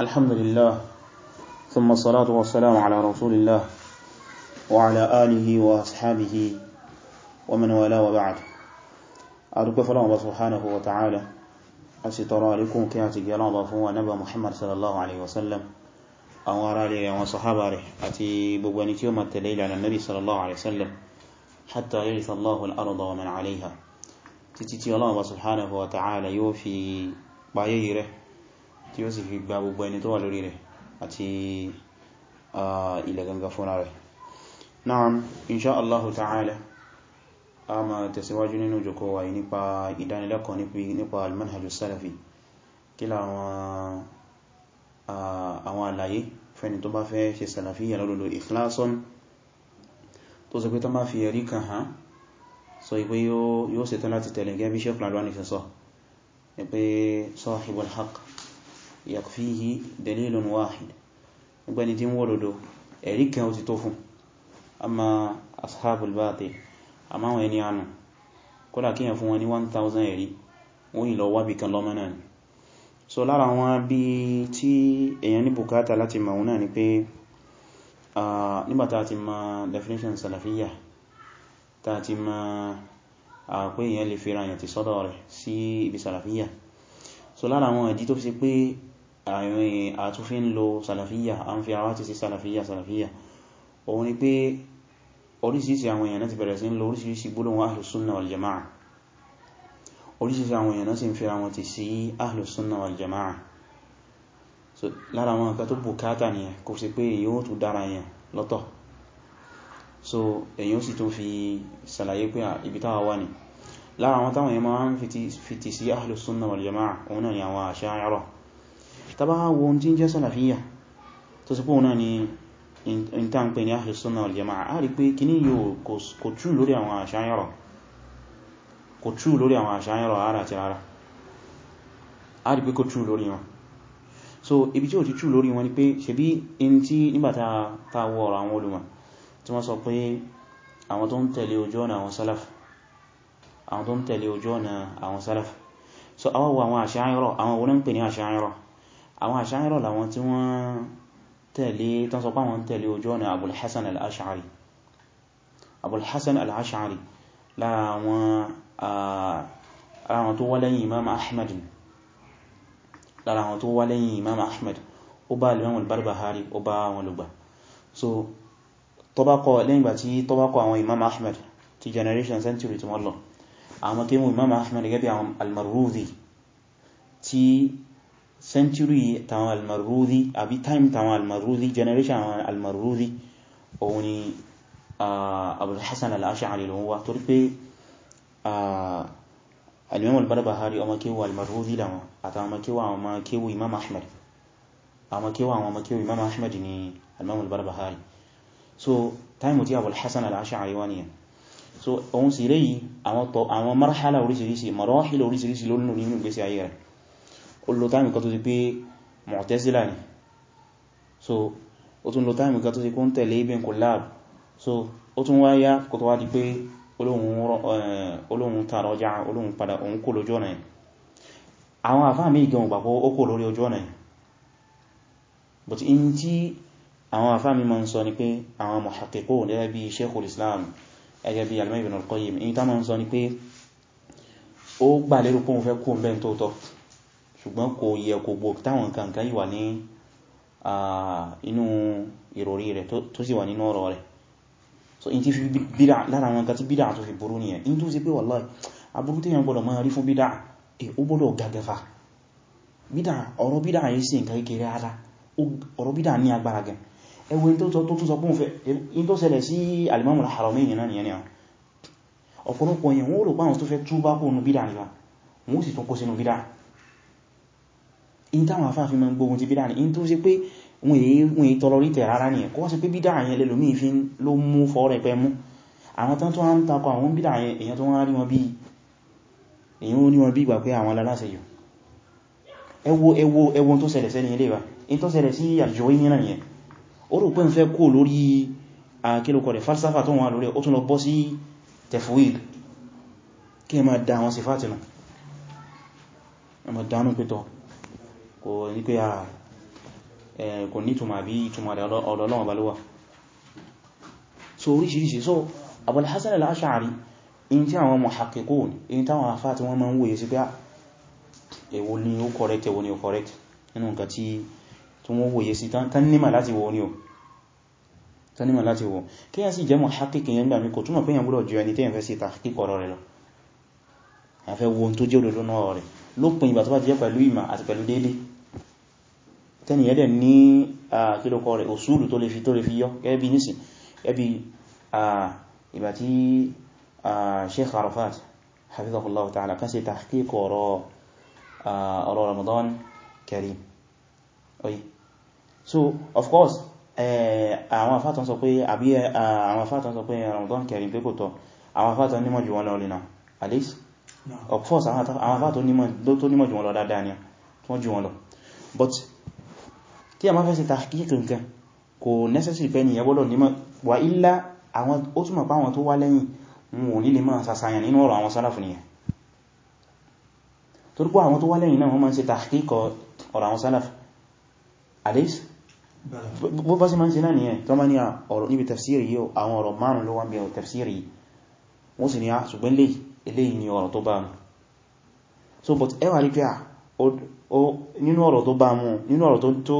الحمد لله ثم الصلاة والسلام على رسول الله وعلى آله وأصحابه ومن ولا وبعد أرجو فلان الله سبحانه وتعالى أسترى لكم كياتي جلالة فهو نبى محمد صلى الله عليه وسلم أورى لي وصحابة أتي ببنيت يوم التليل على النبي صلى الله عليه وسلم حتى يرث الله الأرض ومن عليها تتتي الله سبحانه وتعالى يوفي بايره tí ó sì fi gba gbogbo ẹni tó wà lórí rẹ̀ àti ilẹ̀ gangan fúnra rẹ̀ na'am insha Allahu ta'ala a ma tẹ̀síwájú nínú jòkó wa yìí nípa ìdánilẹ́kọ̀ọ́ nípa almanhajjú salafi kí àwọn àlàyé fẹ́ni tó bá fẹ́ ṣe salafiyya lọ́dọ̀dọ̀ ikhlason tó sọ pé tó má fi ẹ̀rí kan hàn so ipé yóò ṣetán láti tẹ̀lé gẹ́bí Shaykh Al-Albani ṣe sọ ipé sahibul yakfihi dalilun wahid gbẹni tí ń wọ́dọ̀dọ̀ ẹ̀rí kan ó ti tó fún amma ashabul batil amma wọn ẹni ànà kódà kíyàn fún wọn ní 1000 ẹ̀rí wọ́n yìí lọ wábi kan lọ́mọ náà ni so lára wọn bí tí èyàn ní bùkátà láti màun náà ni pé nígbàtà ti ma definition salafiyya ta ti ma pé èyàn lè fẹ́ra èyàn ti sọ́dọ̀ rẹ̀ sí ibi salafiyya so lára wọn ìdí tó fi pé àrin àtúnfin lo sàlàfíyà a ń fi àwá ti sí sàlàfíyà sàlàfíyà òun ni pé oríṣiríṣi àwọn èèyàn náà ti bẹ̀rẹ̀ sí ń lo oríṣiríṣi gbólóhùn ahlùsúnnà wal jama'a oríṣiríṣi àwọn èèyàn náà sì ń fi àwọn ti sí ahlùsúnnà wal jama'a so lára àwọn nǹkan tó bùkátà ni kò sí pé èyí ó dára yẹn lọ́tọ̀ so èyí sì tún fi ṣàlàyé pé ibi táwa wà ní lára àwọn táwọn èèyàn máa ń fi ti sí ahlùsúnnà wal òun náà ni àwọn àṣáyárọ̀ tàbá wọn tí ń jẹ́ sàlàfíyà tó ni in ta ń pè ní ahlu sunna wal jama'a a rí pé kíní yóò kò trú lórí àwọn àṣáyọ̀rọ̀ kò trú lórí àwọn àṣáyọ̀rọ̀ ara àti rárá a rí so ibi tí ó ti trú lórí wọn ni pé ṣebí in tí nígbàtà ta wọ ọ̀rọ̀ àwọn olùmọ̀ tí wọ́n sọ pé àwọn tó ń tẹ̀lé ojú ọ̀nà àwọn sálàf àwọn tó ń tẹ̀lé ojú ọ̀nà àwọn sálàf so àwọn wo àwọn àṣáyọ̀rọ̀ àwọn wo àwọn àṣáyírọ̀ làwọn tí wọ́n tẹ̀lé tán sọ páwọn tẹ̀lé ojú ọ̀nà Abul Hasan al-Ash'ari Abul Hasan al-Ash'ari lára àwọn tó wá lẹ́yìn Imam Ahmad lára àwọn tó wá lẹ́yìn Imam Ahmad ó bá Imam al-Barbahari ó bá wọn lùgbà so tọ́bákọ̀ lẹ́yìn gbà tí tọ́bákọ̀ àwọn Imam Ahmad ti generation century tí wọ́n lọ àwọn tí mú Imam Ahmad gẹ́bí àwọn al-Marwazi century tàwọn almarudhi àbí time tàwọn almarudhi generation àwọn almarudhi òun ni abul hasan al-ash'ari lòun wá torí pé al-imam al-barbahari ọmọ kéwà almarudhi làwọn àtàwọn ọmọ kéwà àwọn ọmọ kéwà imam ahmed ni al-imam so time tí abul hasan al-ash'ari wá nìyàn so òun sì rẹ̀ yìí àwọn marhala orísìírísìí marahila orísìírísìí lónìí nínú ìgbésí ayé rẹ̀ ó lo táìmì kan so ó tún lo táìmì kan so ó tún wá yá kò tó wá di pé olóhun tààrọjá eh, olóhun padà òun kò lójú àwọn àfáà mí gan ògbàpọ̀ ó lórí ojú ọ̀nà but in tí àwọn àfáà mí ma ń sọ ni pé àwọn muhaqqiqo gẹ́gẹ́ bí Sheikhul Islam gẹ́gẹ́ bí Al-Mu'min Ibn ta ma ń sọ ni pé ó gbà lérò pé òun fẹ́ kú ń ṣùgbọ́n kò yẹ kò gbò táwọn nǹkan yíwà ní inú ìròrí rẹ̀ tó sì wà nínú ọ̀rọ̀ rẹ̀ so in ti fi bídá lára àwọn nǹkan tí bídá tó fi burú nìyẹn in tó sì pé wallahi aburú téèyàn gbọ́dọ̀ máa rí fún bídá e ó gbọ́dọ̀ gagafa bídá ọ̀rọ̀ bídá yìí sí nǹkan kékeré ara ọ̀rọ̀ bídá ní agbára gan ẹwọ in tó tún sọ pún fẹ́ in tó ṣẹlẹ̀ sí alimamul haramain náà nìyẹn nìyẹn ọ̀pọ̀lọpọ̀ yẹn wọ́n rò pé àwọn tó fẹ́ túbá kó in táwọn afá fi ma ń gbógun ti bídá ní in tó ṣe pé wọn èyí tọrọ rí tẹ̀ rárá ní ẹ̀kọ́ sí pé bídá yẹn lẹ́lòmí fi ló mú fọ́ọ̀rẹ̀ pẹ́ mú àwọn tán tó ń takọ àwọn bídá yẹn èyàn tó wọ́n rí wọn bí èyàn ó ní wọn bí ìgbà pé àwọn aláláṣẹ yìí ẹwọ ẹwọ ẹwọ tó pé àwọn sífàtì náà ẹ ma dánú kò ní pé àà ah, eh, kò ní túnmà bí túnmà ọ̀dọ̀ Ọlọ́run bá lówà so oríṣìíríṣìí so Abul Hasan al-Ash'ari in tí àwọn muhaqqiqun in táwọn afá tí wọ́n máa ń wòye sí pé ah, èwo ni ó correct èwo ni ó correct nínú nǹkan tí wọ́n wòye sí tán nímà láti wò ní o tán nímà láti wò kí yá sì jẹ́ muhaqqiqin yẹn gbàmí kò lópin ìgbà tó bá jẹ́ pẹ̀lú ìmà àti pẹ̀lú déédéé tẹ́ni ẹ̀dẹ̀ ní àkílòkọ rẹ̀ òsúlù tó lè fi tó lè fi yọ gẹ́bí nìsìn gẹ́bí ìgbà tí Sheikh Arafat hafizahullahu ta'ala kan ṣe tahqiq ọ̀rọ̀ Ramadan Kareem oye so of course àwọn afátan sọ pé àbí àwọn afátan sọ pé Ramadan Kareem pé kò tọ́ àwọn afátan nímọ̀ jù wọn lọ lẹ́nà at of course àwọn afátan tó nímọ̀ jù wọn lọ dáadáa ni wọ́n jù wọn lọ but tí a máa fẹ́ sí tàkíkì nǹkan kò necessary pé ní ẹgbọ́lọ̀ ní wà ilá àwọn ó túnmọ̀ pá àwọn tó wá lẹ́yìn wọn ò ní lè máa sàsàyàn nínú ọ̀rọ̀ àwọn sálàfù nìyẹn torípò àwọn tó wá lẹ́yìn náà wọ́n máa ń ṣe tàkíkọ ọ̀rọ̀ àwọn sálàfù àdéṣ bó bá sí máa ń ṣe náà nìyẹn tó máa ní ọ̀rọ̀ níbi tafsiri yìí àwọn ọ̀rọ̀ márùn ló wá ń bí ọ̀rọ̀ tafsiri yìí wọ́n sì ní a ṣùgbọ́n eléyìí ni ọ̀rọ̀ tó bá nínú ọ̀rọ̀ tó bá mú nínú ọ̀rọ̀ tó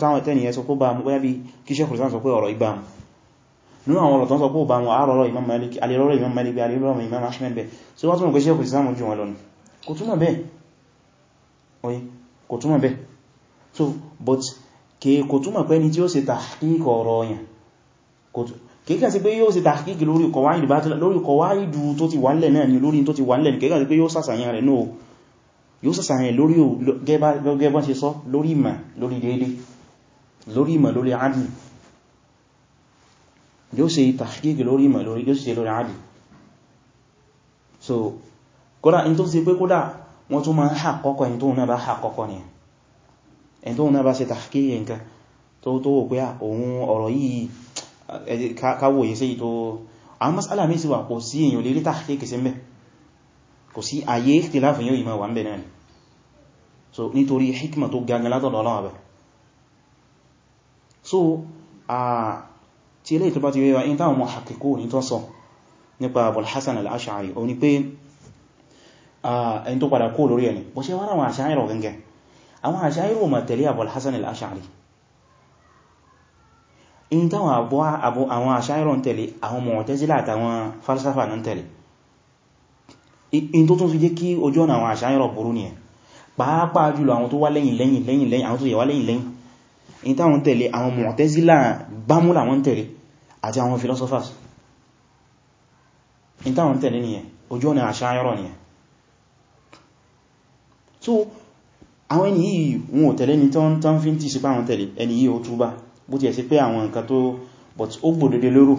táwọn tẹ́niyẹ sọ pé bá mú bóyá bí kí Shaykhul Islam sọ pé ọ̀rọ̀ ìbá mú nínú àwọn ọ̀rọ̀ tó sọ pé bá mú àárọ̀rọ̀ Imam Malik alẹ́rọ̀rọ̀ Imam Malik alẹ́rọ̀rọ̀ Imam oye kò túnmọ̀ bẹ́ẹ̀ so but kè kò túnmọ̀ pé ní tí ó ṣe tahqiq ọ̀rọ̀ yẹn kèkà sí pé yóò ṣe tahqiq lórí kọwáìdù tó ti wà ni lórí tó ti wà nílẹ̀ ní kèkà sí pé yóò sàṣàyàn yóò sàsàyàn lórí gẹ́gbọ́n ṣe sọ lórí ìmọ̀ lórí déédé lórí ìmọ̀ lórí adì yóò ṣe tàṣkíkì lórí ìmọ̀ lórí yóò ṣe lórí adì so kódà in tó ṣe pé kódà wọ́n tún ma ń hà kọ́kọ́ in tó náà bá hà kọ́kọ́ ni in tó náà bá ṣe tàṣkíkì nǹkan tó tó wò pé òun ọ̀rọ̀ yìí káwòye sí tó àwọn mas'ala mi sì wà kò sí èèyàn lérí tàṣkíkì sí mẹ́ kò sí ayé ìtìláfin so nítorí hikma tó gangan látọ̀dọ̀ Ọlọ́run bẹ̀ so a tí ilé ìtọba ti wéwa in táwọn mọ̀ hakikó ní tó sọ nípa Abul Hasan al-Ash'ari o ní pé ẹni tó padà kó lórí ẹni bó ṣe wá àwọn àṣáyìrò gangan àwọn àṣáyìrò ma tẹ̀lé Abul Hasan al-Ash'ari in táwọn àbọ̀ àwọn àṣáyìrò ń tẹ̀lé àwọn Mu'tazila àtàwọn falsafa ń tẹ̀lé in tó tún fi jẹ́ kí ojú ọ̀nà àwọn àṣáyìrò burú nìyẹn pàápàá jùlọ àwọn tó wá lẹ́yìn lẹ́yìn lẹ́yìn lẹ́yìn àwọn tó yẹ̀wá lẹ́yìn lẹ́yìn in táwọn tẹ̀lé àwọn Mu'tazila gbámúlà wọn tẹ̀lé àti àwọn philosophers in táwọn tẹ̀lé nìyẹn ojú ọ̀nà Asha'ira nìyẹn so àwọn ẹni yìí wọn ò tẹ̀lé ní tán fi ń tí sípá àwọn tẹ̀lé ẹni yìí ó túbá bó ti ẹ̀ sí pé àwọn nǹkan tó but ó gbòdòdó lérò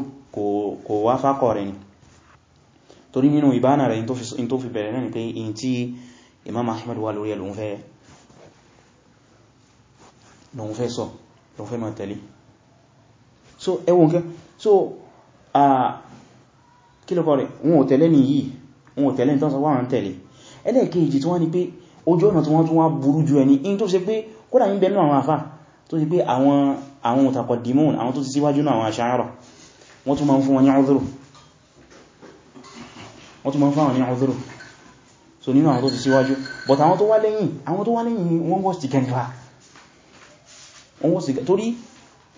kò wá fákọ̀ rẹ̀ ni torí nínú ìbánà rẹ̀ in tó fi bẹ̀rẹ̀ náà ni pé in tí Imam Ahmad wa lórí ẹ̀ lòun fẹ́ lòun fẹ́ sọ lòun fẹ́ máa tẹ̀lé so ẹwọ́n kẹ́ so kí lọ́kọ̀ rẹ̀ wọn ò tẹ̀lé ní yìí wọn ò tẹ̀lé ní tọ́sọ wọ́n tẹ̀lé ẹlẹ́ẹ̀kejì tí wọ́n ni pé ojú ọ̀nà tí wọ́n tún wá burú ju ẹni in tó ṣe pé kódà ń bẹnu àwọn àfá tó ṣe pé àwọn àwọn mutaqaddimun àwọn tó ti síwájú náà àwọn Ash'ara wọ́n tún máa ń fún wọn ní udhru so nínú àwọn tó ti síwájú but àwọn tó wá lẹ́yìn àwọn tó wá lẹ́yìn ni wọ́n wọ́n sì gẹnifà torí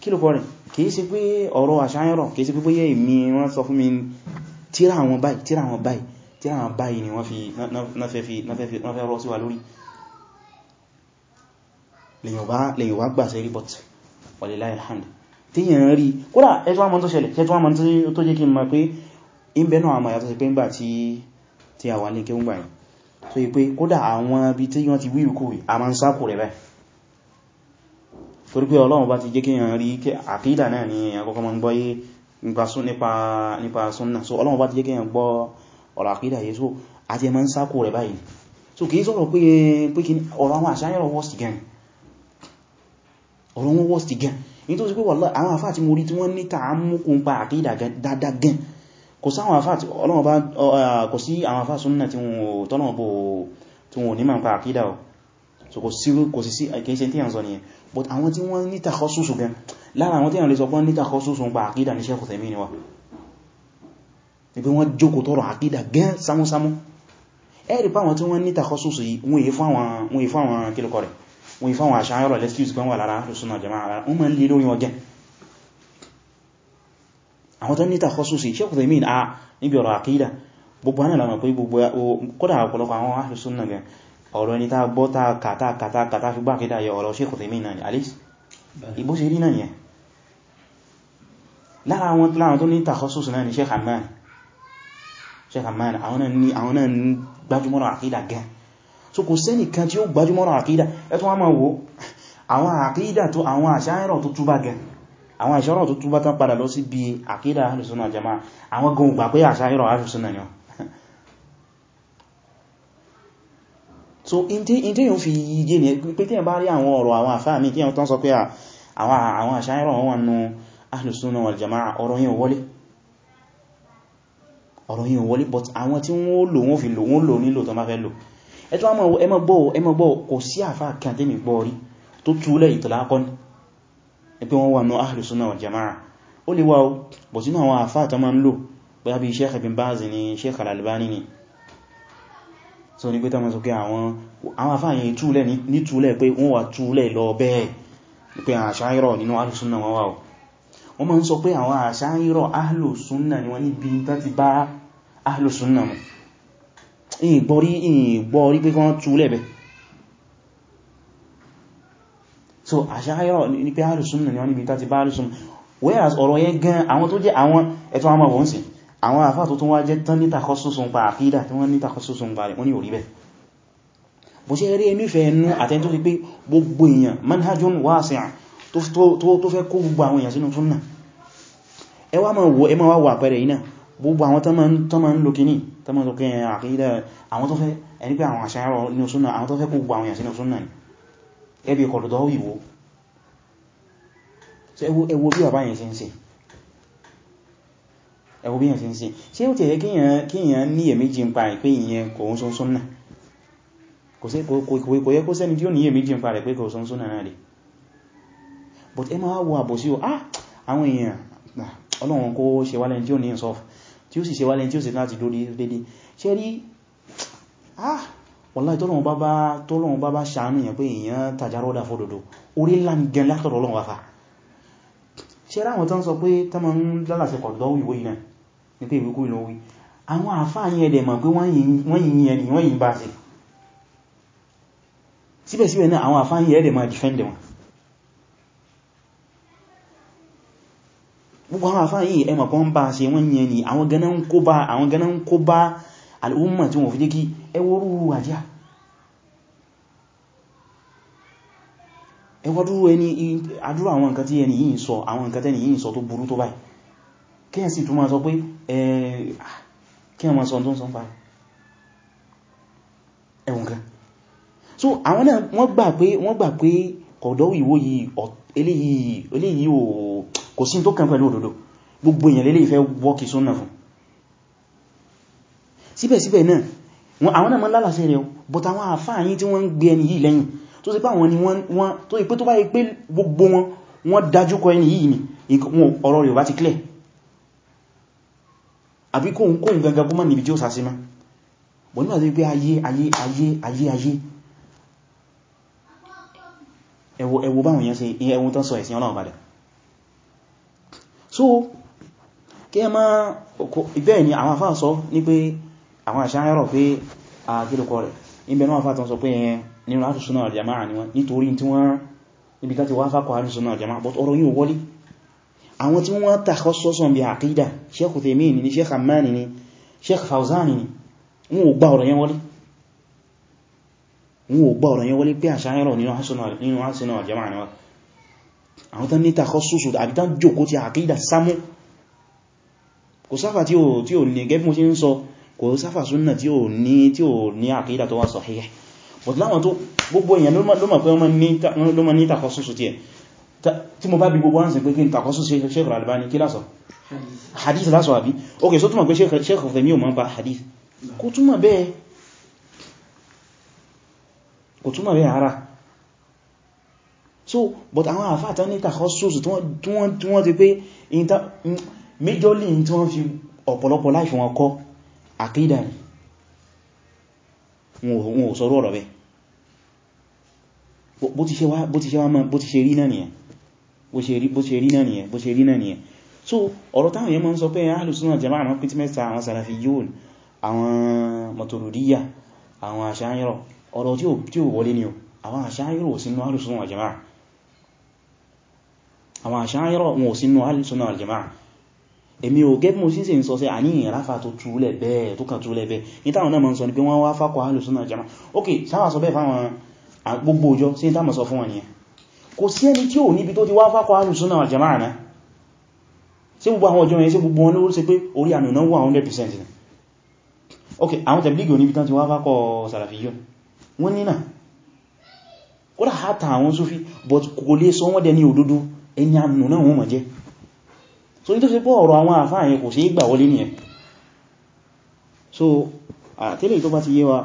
kílò fọ́rẹ̀ kìí ṣe pé ọ̀rọ̀ àṣáyẹ̀rọ̀ kìí ṣe pé bóyẹ ìmí wọ́n sọ fún mi tíra àwọn báyìí tíra àwọn báyìí tíra àwọn báyìí ni wọ́n fi náfẹ́ rọ́ sí wa lórí lèyìn wá gbà sí report wàlélá ìhàndì tí yẹn rí kódà ẹjọ́ àmọ́ tó ṣẹlẹ̀ tẹ́tọ́ àmọ́ tó jẹ́ kí n mọ̀ pé ìbẹ̀nà àmọ́ yàtọ̀ sí pé ń gbà tí àwọn alẹ́kẹ́ ń gbà yìí so yí pé kódà àwọn ibi tí wọ́n ti wí ìkú a ma ń sákò rẹ̀ báyìí torí pé Ọlọ́run bá ti jẹ́ kíyàn rí àkídà náà ni èyàn kọ́kọ́ ma ń gbọ́ yé nípa súnnà so Ọlọ́run bá ti jẹ́ kíyàn gbọ́ ọ̀rọ̀ àkídà yé so àti ẹmọ ń sákò rẹ̀ báyìí so kìí sọ̀rọ̀ pé ọ̀rọ̀ àwọn àṣáyẹ̀rọ̀ worst again ọ̀rọ̀ wọn worst again nítorí pé wàlá àwọn àfáà tí mo rí tí wọ́n ní tààmùkù ń pa kò sí àwọn àfáà súnnà tí wọ́n tọ́lọ̀ bó tí wọ́n ní pa àkídà ọ̀ so kò sí kò sí àkíyèsí tí yàn sọ nìyẹn but àwọn tí wọ́n ní takhassusu gan lára àwọn tí yàn lè sọ pọ́n ní takhassusu ń pa àkídà ní àwọn tó ní takhasusi Sheikh Uthaymeen a ah, níbi ọ̀rọ̀ àkídà gbogbo hannà lámà pé gbogbo kódà ọ̀pọ̀lọpọ̀ àwọn ahlu sunna gan ọ̀rọ̀ ẹni tá gbọ́ tá kàtà kàtà kàtà fi gbá àkídà yẹ ọ̀rọ̀ Sheikh Uthaymeen náà ni alice ìbó ṣe rí náà yẹn lára àwọn láwọn tó ní takhasusi náà ni Sheikh Hamman Sheikh Hamman àwọn náà ń gbájúmọ́rọ̀ àkídà gan so kò àwọn ìṣọ́rọ̀ tó túbá tán padà lọ sí bí àkídà ahìrìsúnà jama'a àwọn gan gbà pé àṣáyírọ̀ ahìrìsúnà ni so in tí yíò fi yíye ní pé tí ẹ bá rí àwọn ọ̀rọ̀ àwọn àfáà mi tí ẹ tán sọ pé àwọn àṣáyírọ̀ wọn nù ahìrìsúnà wal jama'a ọ̀rọ̀ yìí wọlé ọ̀rọ̀ but àwọn tí wọ́n lò wọ́n fi lò wọ́n lò nílò tó má fẹ́ lò ẹ̀tọ́ ẹmọ gbọ́ kò sí àfáà kan tẹ́mi gbọ́ rí ní pé wọ́n wà náà ahlu sunna wal jama'a ó lè wá o bọ̀ sínú àwọn àfáà tó máa ń lò bóyá bí Sheikh Ibn Baz ni Sheikh Al-Albani ni so ní pé tó máa sọ pé àwọn àfáà yẹn túlẹ̀ ní túlẹ̀ pé wọ́n wà túlẹ̀ lọ bẹ́ẹ̀ ní pé àṣáírọ̀ nínú so àṣáyọ́ ní pé alùsùn ní wọ́n níbi tàti bá alùsùn whereas ọ̀rọ̀ yẹn gan àwọn tó jẹ́ àwọn ẹ̀tọ́ àmà wọ́n sì àwọn àfá tó tún wá jẹ́ tán ní takọ́sùsùn pa àkídà tí wọ́n ní takọ́sùsùn pa rẹ̀ wọ́n ní orí bẹ̀ bó ṣe rí ẹnífẹ́ ẹnu àtẹ́ tó ti pé gbogbo èèyàn manhajun wasi'a tó fẹ́ kó gbogbo àwọn èèyàn sínú súnnà ẹ wá máa wò ẹ máa wá wà pẹ̀rẹ̀ iná gbogbo àwọn tó máa ń lo kìíní tó máa ń lo kìíní àkídà àwọn tó fẹ́ ẹni pé àwọn àṣàyàrọ̀ inú súnnà àwọn tó fẹ́ kó gbogbo àwọn èèyàn sínú súnnà ni ẹbí kọ̀lọ̀dọ̀ wíwo ẹwọ bí bàbá yẹn sí ẹwọ bí yẹn sí ṣe ó tẹ̀yẹ kíyàn ní èméjì ń pa rẹ̀ ìyẹn kò ń sọ́nsọ́n náà kò yẹ kó sẹ́ni tí ó ní èméjì ń pa rẹ̀ pé kò sọ́nsọ́n náà rẹ̀ but ẹ máa wo àbòsí o ah! Ah, ó ah wọ́láì tọ́lọ́wọ́n bá bá ṣàánú yẹn pé èèyàn tàjárọ́dà fódòdó orí ńlá gan látọ̀rọ̀ Ọlọ́run wáfà ṣe ráwọn tán sọ pé tánmà ń lálàsẹ̀ kọ̀dọ̀ ìwé iná ní pé ìwékú ìlú orí àwọn àfáà yẹn dẹ̀ mọ̀ pé wọ́n yìí ẹni wọ́n yìí defend wọn gbogbo àwọn àfáà yìí ẹmọ̀ kan bá ṣe wọ́n yìí ẹni àwọn ganan kó bá al'umma tí wọ́n fi jẹ́ kí ẹwọ́rú àjá ẹwọ́dú ẹni àdúrà àwọn nǹkan tí ẹni yìí sọ àwọn nǹkan tẹ́ni yìí sọ tó burú tó báyìí kí ẹ̀ sì tún sọ pé kí so àwọn náà wọ́n gbà pé wọ́n gbà pé kọ̀dọ̀ ìwó yìí eléyìí kò sí tó kàn pẹ̀lú òdodo gbogbo èèyàn lélẹ́ ìfẹ́ wọ́kì síbẹ̀síbẹ̀ náà wọn àwọn náà mọ́ lálàsẹ̀ rẹ̀ but àwọn àfáàyín tí wọ́n ń gbé ẹni yìí lẹ́yìn tó sì pé àwọn ni wọ́n tó ipé tó bá ipé gbogbo wọn wọ́n dájú kọ ẹni yìí ni ọ̀rọ̀ rẹ̀ ò bá ti clear àbí kóhun kóhun gangan kó mọ́ níbi tí ó sàsímá bọ̀ nígbà tó pé ayé ayé ayé so kí ẹ máa bẹ́ẹ̀ ni àwọn afáà sọ ní pé àwọn àṣáyẹ̀rọ̀ pé àkílùkọ rẹ̀ ìbẹ̀ náà fàtàn sọ pé ẹn nínú àtúnṣúná àjàmáà ni wọ́n nítorí tí wọ́n níbi tàti wá fàkọ̀ àtúnṣúná àjàmáà but ọ̀rọ̀ yíò wọlé àwọn tí wọ́n tàkọ́ sọ́sọ̀ bí àkídà sheikh Uthaymeen ni sheikh Hammani ni sheikh Fawzani ni wọ́n ò gbà ọ̀rọ̀ yẹn wọlé wọ́n ò gbà ọ̀rọ̀ yẹn wọlé pé kò sáfà tí ò ní gẹ́bí mo ń sọ kò sáfà súnnà tí ò ní tí ò ní àkídà tó wà sahih but láwọn tó gbogbo èèyàn ló mọ̀ pé wọ́n mọ̀ ní takọ́sùsù tí ẹ̀ tí mo bá bí gbogbo ánsìn pé kí n takọ́sùsù Sheikh Al-Albani kí lásọ̀ hadith lásọ̀ àbí so túnmọ̀ pé Sheikh fẹ̀mí ò mọ́ pa hadith kò túnmọ̀ bẹ́ẹ̀ kò túnmọ̀ bẹ́ẹ̀ ara so but àwọn àfáàtà ní takọ́sùsù tí wọ́n ti pé majorly tí wọ́n fi ọ̀pọ̀lọpọ̀ láìfún wọn kọ́ àkídà ni wọn ò sọ̀rọ̀ ọ̀rọ̀ bẹ́ bó ti ṣe wá bó ti ṣe wá bó ti ṣe rí náà nìyẹn bó ṣe rí náà nìyẹn bó ṣe rí náà nìyẹn so ọ̀rọ̀ táwọn èèyàn máa ń sọ pé Ahlus Sunnah Jama'ah àwọn pítímẹ́ta àwọn Salafiyyun àwọn Maturidiyya àwọn Asha'ira ọ̀rọ̀ tí ó wọlé ni o àwọn Asha'ira ò sínú Ahlus Sunnah Jama'ah àwọn Asha'ira èmi ò gẹ́ mọ́ sínsẹ̀ sọ sí àníyàn ráfà tó túlẹ̀ bẹ́ẹ̀ tó kàn túlẹ̀ bẹ́ẹ̀ ní táwọn náà ma ń sọ ní pé wọ́n wá fákọ̀ alùsùnà jama ok sáwà sọ bẹ́ẹ̀ fáwọn gbogbo òjò sí táwọn sọ fún wọn nìyẹn kò sí ẹni tí ò níbi tó ti wá fákọ̀ alùsùnà jama àná sí gbogbo àwọn ọjọ́ yẹn sí gbogbo wọn ló ṣe pé orí ànù náà wà 100% so ní tó fi pọ́ ọ̀rọ̀ àwọn àfáà yẹn kò sí ìgbà wọlé nìyẹn so àtẹ́lẹ̀ tó bá ti yé wa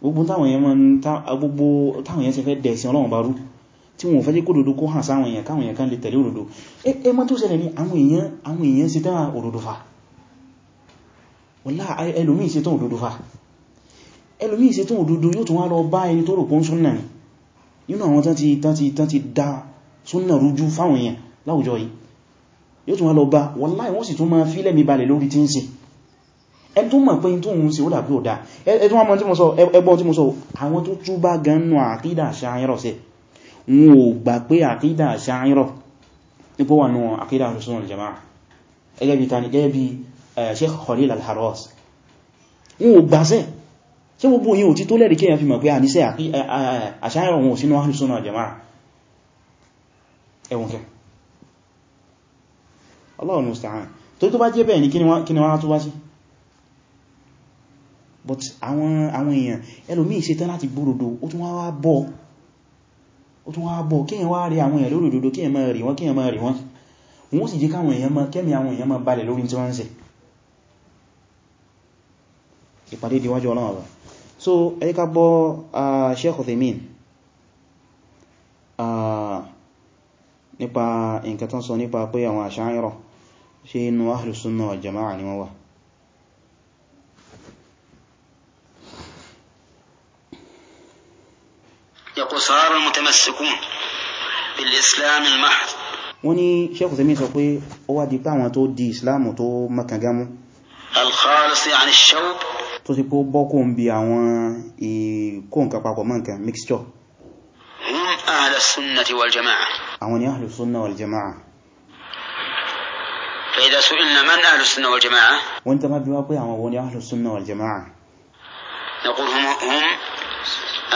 gbogbo táwọn yẹn ṣe fẹ́ dẹ̀sìn Ọlọ́run bá rú tí wọ́n fẹ́ jẹ́ kó dodo kó hàn sáwọn èèyàn káwọn èèyàn kan lè tẹ̀lé òdodo ẹ mọ́ tó ṣẹlẹ̀ ní àwọn èèyàn àwọn èèyàn ṣe tán òdodo fa wọ́lá ẹlòmíì ṣe tán òdodo fa ẹlòmíì ṣe tán òdodo yóò tún wá lọ bá ẹni tó láwùjọ yìí yóò tún wá lọ bá wallahi wọ́n sì tún máa fílẹ̀ mi balẹ̀ lórí tí ń sin ẹ tún mọ̀ pé tó ń ṣe ó dàbí ọ̀dá ẹ tún wá mọ̀ tí mo sọ ẹgbọ́ tí mo sọ àwọn tó tú bá gannú àkídà ṣáyírọ̀ sí wọn ò gbà pé àkídà ṣáyírọ̀ nípò wà nù àkídà sunnah al-jamaa gẹ́gẹ́ bí sínú ahlus sunnah kẹ́ Allahu musta'an tó tó bá jẹ́ bẹ́ẹ̀ ní kí ni wọ́n tó wá sí but àwọn èèyàn ẹlòmíì ṣe tán láti gbóòdòdó ó tún wá bọ́ ó tún wá bọ́ kíyàn wá rí àwọn èèyàn lórí òdòdó kíyàn máa rí wọ́n kíyàn máa rí wọ́n wọ́n sì jẹ́ káwọn èèyàn máa kẹ́mì àwọn èèyàn máa balẹ̀ lórí tí wọ́n ń ṣe ìpàdé díwájú ọlọ́run so ẹ̀yí ká gbọ́ Sheikh Uthaymeen nípa nǹkan tán sọ nípa pé àwọn Ash'ariyah ṣe inú ahlu sunna jama'a ni wọ́n wà يقول صار المتمسكون بالإسلام المحض wọ́n ní Sheikh Uthaymeen sọ pé ó wá di pé àwọn tó di islamu tó makangamu al-khalisi an ash-shawb tó sì pó bọ́kùn bí àwọn ìkó nǹkan papọ̀ mọ́ mixture hum ahlu sunnati wal jama'a àwọn ni ahlu sunna wal jama'a فإذا سئلنا من أهل السنة والجماعة وانت ما بيوابي أما وني أهل السنة والجماعة نقول هم, هم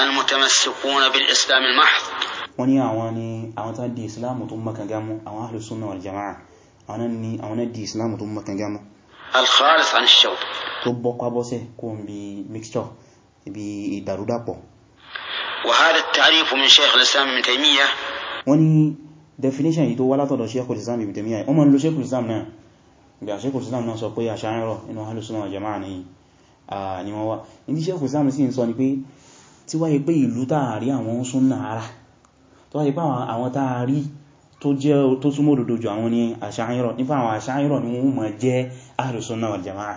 المتمسكون بالإسلام المحض وني أواني أوان تدي إسلام وطمك جامو أو أهل السنة والجماعة أواني أوان دي إسلام وطمك جامو الخالص عن الشوب تبقى بوسي كون بي ميكستور بي دارودابو وهذا التعريف من شيخ الإسلام ابن تيمية وني definition yìí tó wá látọ̀dọ̀ Sheikhul Islam Ibn Taymiyyah ọmọ ìlú Sheikhul Islam náà gbà Sheikhul Islam náà sọ pé Ash'ari inú Ahlus Sunnah wal Jama'ah ni wọ́n wá ní Sheikhul Islam sì ń sọ ni pé tí wáyé pé ìlú táàrí àwọn súnnà ara tó wáyé pé àwọn táàrí tó jẹ́ tó súnmọ́ òdòdó jù àwọn ní Ash'ari nípa àwọn Ash'ari ni wọ́n mọ̀ jẹ́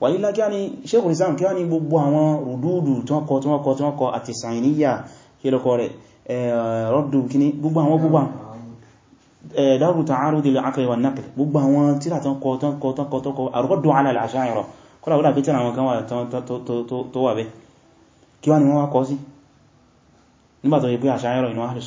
wàílá kí a ní Sheikhul Islam kí a ní gbogbo àwọn rùdúdù tí wọ́n kọ tí wọ́n kọ àti sàìníyà kí lọ́kọ rẹ̀ Eh, rọ́dù kíní gbogbo àwọn gbogbo eh, dáàrù ta'arudi al-aqli wan gbogbo àwọn tíra tán kọ tán kọ tán kọ tán kọ ar-raddu ala kọ́lá wọ́n àpítẹ́ àwọn kan wà tó wà bẹ́ kí wá ni wọ́n wá kọ́ sí nígbàtọ̀ yẹ pé àṣáyẹ́rọ inú ahlu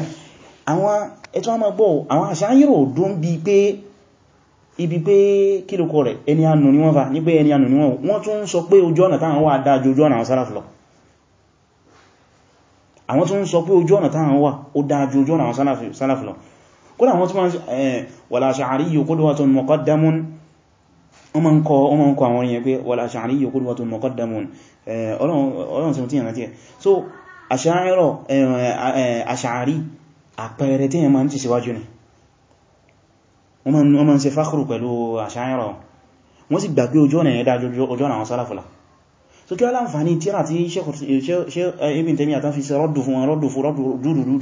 so àwọn ẹ̀tọ́ a máa gbọ́ àwọn àṣáyírò dún bí pé ibi pé kílùkọ rẹ̀ ẹni ànù ni wọ́n fa ní ẹni ànù ni wọ́n wọ́n tún sọ pé ojú ọ̀nà táwọn wà dáa ju ojú ọ̀nà àwọn sálàfù lọ àwọn tún sọ pé ojú ọ̀nà táwọn wà ó dáa ju ojú ọ̀nà àwọn sálàfù lọ kódà àwọn tún wàlá Ash'ariyyu qudwatun muqaddamun ọmọ ń kọ ọlọ́run tí wọ́n tí yàn tí ẹ̀ so Ash'ari àpẹẹrẹ tí èyàn ma ń tì síwájú ni wọ́n ma ń ṣe fákùrù pẹ̀lú àṣáyẹ̀rọ wọ́n sì gbà pé ojú ọ̀nà ẹ̀dá ojú ọ̀nà àwọn sálàfùlà so kí aláǹfàní tíra tí eh, Ibn Taymiyyah tán fi ṣe rọ́dù fún wọn rọ́dù fún rọ́dù dúdùdú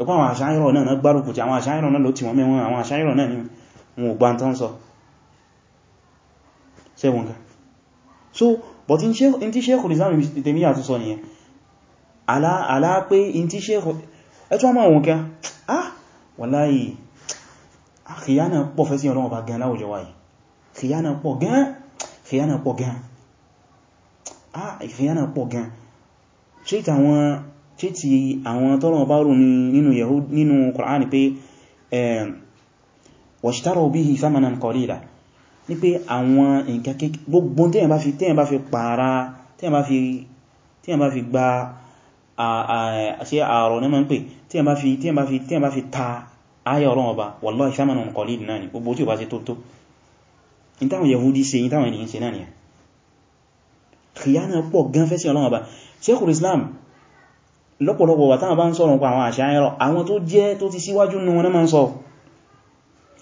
ẹ̀kọ́ àwọn àṣáyẹ̀rọ náà gbárùkù tí àwọn àṣáyẹ̀rọ náà ló ti wọ́n mẹ́wọ́n àwọn àṣáyẹ̀rọ náà ni wọn ò gbá tán sọ sẹ́wọ̀n ká so but in tí Shaykhul Islam Ibn Taymiyyah tún sọ nìyẹn alá pé in tí Shaykhul ẹ̀tún ọmọ òun kẹ́ ah wàláyì ah, kìyànà pọ̀ fẹ́ sí ọlọ́wọ́ bá gan láwùjọ wáyìí kìyànà pọ̀ gan kìyànà pọ̀ gan ah kìyànà pọ̀ gan ṣíta àwọn títí àwọn tọ́lọ̀ bá rò nínú Yahud nínú Kùránì pé eh, washtaru bihi thamanan qalila ní pé àwọn nǹkan gbogbo tẹ́yàn bá fi tẹ́yàn bá fi pààrà ní ma ń pè tí ẹ bá fi ta ayà ọlọ́run ọba wallahi thamanun qalil náà ni gbogbo tí ò bá ṣe tó tó in táwọn yahudi ṣe in táwọn ènìyàn ṣe náà ni kìyànà pọ̀ gan fẹ́ sí ọlọ́run Islam lọ́pọ̀lọpọ̀ wà táwọn bá ń sọ̀rọ̀ pa àwọn àṣà ẹ̀rọ àwọn tó jẹ́ tó ti síwájú nù wọn máa ń sọ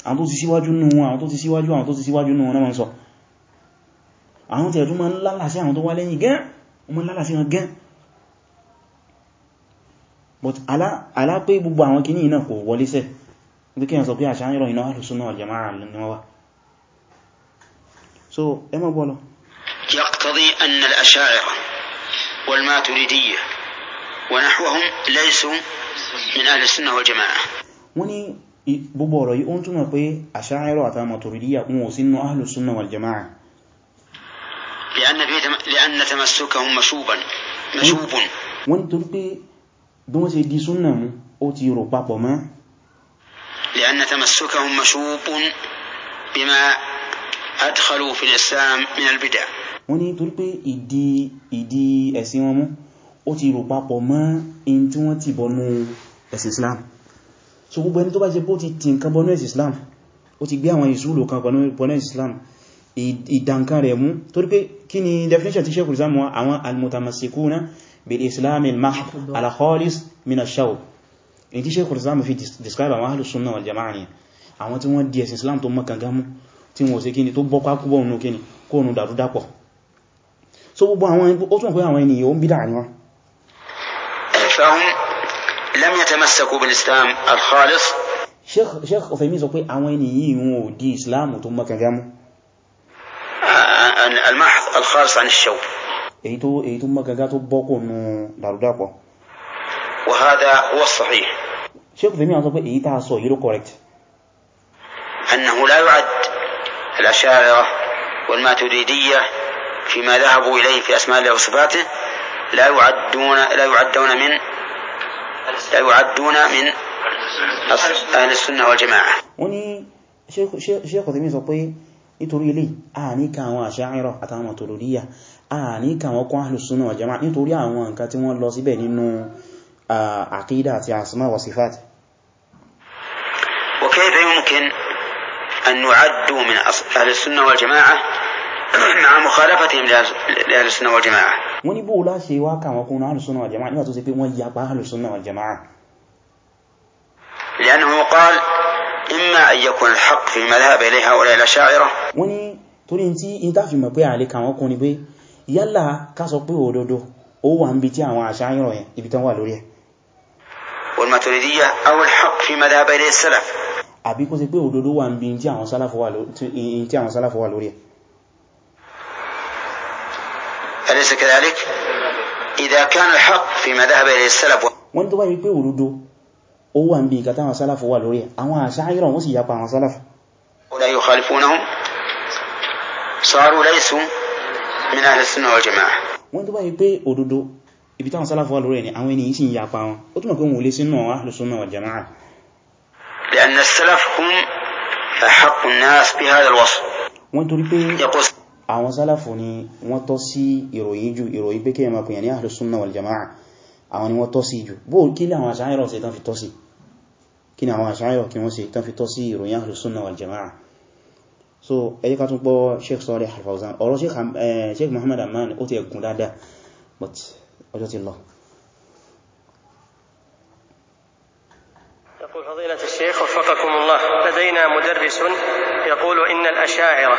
àwọn tó ti síwájú nù wọn àwọn tó ti síwájú àwọn tó ti síwájú nù but alá pé gbogbo àwọn kìíní iná kò wọlé sẹ́ ní kíyàn sọ pé àṣà ìrọ̀ iná alùsúnà aljamaa ni wọ́n wá so ẹ mọ́ gbọ́lọ يقتضي أن الأشاعرة والماتريدية ونحوهم ليسوا من أهل السنة والجماعة wọ́n ní gbogbo ọ̀rọ̀ yìí ó ń túnmọ̀ pé àṣáyẹ̀rọ àtàwọn maturidiyya kún wọ́n sínú ahlu sunna wal jama'a لأن تمسكهم مشوبا مشوب wọ́n bí wọ́n ṣe di súnnà mú ó ti rò papọ̀ mọ́ لأن تمسكهم مشوب بما أدخلوا في الإسلام من البدع wọ́n ní torí pé ìdí ìdí ẹ̀sìn wọn mú ó ti rò papọ̀ mọ́ in tí wọ́n ti bọnú ẹ̀sìn Islam so gbogbo ẹni tó bá ṣe bó ti tì nǹkan bọnú ẹ̀sìn Islam ó ti gbé àwọn ìṣúlò kan bọnú ẹ̀sìn Islam ìdànkan rẹ̀ mú torí pé kí ni definition ti ṣe kùrìsámù àwọn almutamasikuna bil islam al mahf ala khalis min ash-shawb in ti sheikh al-islam fi describe àwọn ahlus sunnah wal jamaa ni àwọn tí wọ́n di ẹ̀sìn islam tó mọ́kàn gámú tí wọ́n ṣe kíni tó bọ́ pákúbọ̀ nínú kíni kó nù dàrú dápọ̀ so gbogbo àwọn ó túnmọ̀ pé àwọn ènìyàn ó ń bídà ní wọn lam yatamassaku bil islam al khalis sheikh sheikh ofemi sọ pé àwọn ènìyàn wọn ò di islam tó mọ́kàn gámú al mahf al khalis an ash-shawb ايتو ايتو مغاغا تو بوكو نو دارودابو وهذا هو الصحيح شيخ ديمي انتو بي ايتا سو يرو كوريكت انه لا يعد الاشاعره والماتريديه فيما ذهبوا اليه في اسماء الله وصفاته لا يعدون لا يعدون من لا يعدون من اهل السنه والجماعه وني شيخ شيخ ديمي زوبي يتوري لي اني كان واشاعره اتامه توروديه ní kàwọn kún ahlus sunnah wal jama'ah nítorí àwọn nǹkan tí wọ́n lọ síbẹ̀ nínú àkídà àti asma wa sifat wa kayfa yumkin an nu'addu min ahlus sunnah wal jama'ah ma'a mukhalafatihim li ahlus sunnah wal jama'ah wọ́n ní bóòlá ṣe wá kàwọn kún ahlus sunnah wal jama'ah tó sì pé wọ́n yapa ahlus sunnah wal jama'ah لأنه قال إما أن يكون الحق فيما ذهب إليه هؤلاء الأشاعرة wọ́n ní torí tí ìtàfimọ̀ pé àlè kàwọn kún ni pé yálà ká sọ pé òdodo ó wà ń bí tí àwọn àṣà yìnrọ̀ yẹn ibi tán wà lórí ẹ̀ àbí kó ṣe pé òdodo wà ń bí tí àwọn sálàfọ́ wà lórí ẹ̀ أليس كذلك إذا كان الحق فيما ذهب إليه السلف wọ́n tó bá yí pé òdodo ó wà ń bí ìkàtà àwọn sálàfù wà lórí àwọn àṣáyírọ̀ wọ́n sì yapa àwọn sálàfù. صاروا ليسوا min ahli sunnah wal jama'a wọ́n tó bá yí pé òdodo ibi táwọn sálàfù wà lórí ẹni àwọn ènìyàn sì ń yapa wọn ó túnmọ̀ pé wọn ò lè sínú ahli sunnah wal jama'a لأن السلف هم pé àwọn sálàfù ni wọ́n tọ́ sí ìròyìn jù ìròyìn pé kéèyàn máa ní ahli sunnah jama'a àwọn ni wọ́n tọ́ sí jù bó kí ní àwọn àṣáyẹ̀rọ̀ sí tán fi tọ́ sí ìròyìn ahli sunnah jama'a so ẹjẹ́ ká tún gbọ́ Sheikh Saleh Al-Fawzan ọ̀rọ̀ Sheikh Muhammad Aman ó ti ẹ̀gùn dáadáa but ọjọ́ ti lọ يقول فضيلة الشيخ وفقكم الله لدينا مدرس يقول إن الأشاعرة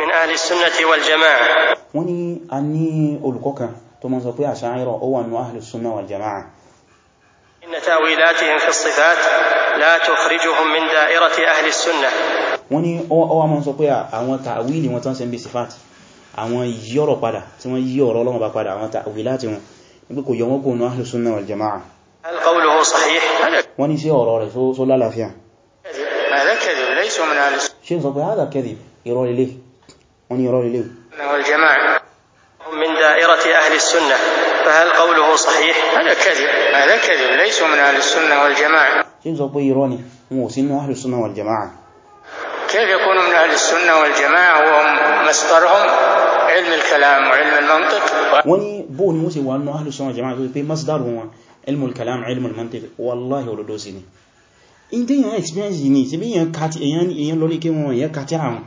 من أهل السنة والجماعة wọ́n ní a ní olùkọ́ kan tó mọ́ sọ pé ó wà أهل السنة والجماعة إن تاويلاتهم في الصفات لا تخرجهم من دائرة أهل السنة wọ́n ní ọwá mọ́ sọ pé àwọn tàwílì wọn tán ṣe ń bí sifat àwọn yí ọ̀rọ̀ padà tí wọ́n yí ọ̀rọ̀ Ọlọ́run bá padà àwọn tàwíláti wọn nígbé kò yọ kò náà sunna ṣe ń sọ pé hádà kẹ́dì wọ́n ní irọ́ lélẹ̀ من دائرة أهل السنة فهل قوله صحيح هذا كذب هذا كذب ليسوا من السنة والجماعة شيء زبيروني مو سنة السنة والجماعة كيف يكونوا من أهل السنة والجماعة وهم مصدرهم علم الكلام وعلم المنطق وني بوني موسي وأنه أهل السنة والجماعة بي مصدرهم علم الكلام علم المنطق والله ولدوسيني in tí èyàn experience yìí ní tí bí èyàn kàtí èyàn lórí kí wọn èyàn kàtí àwọn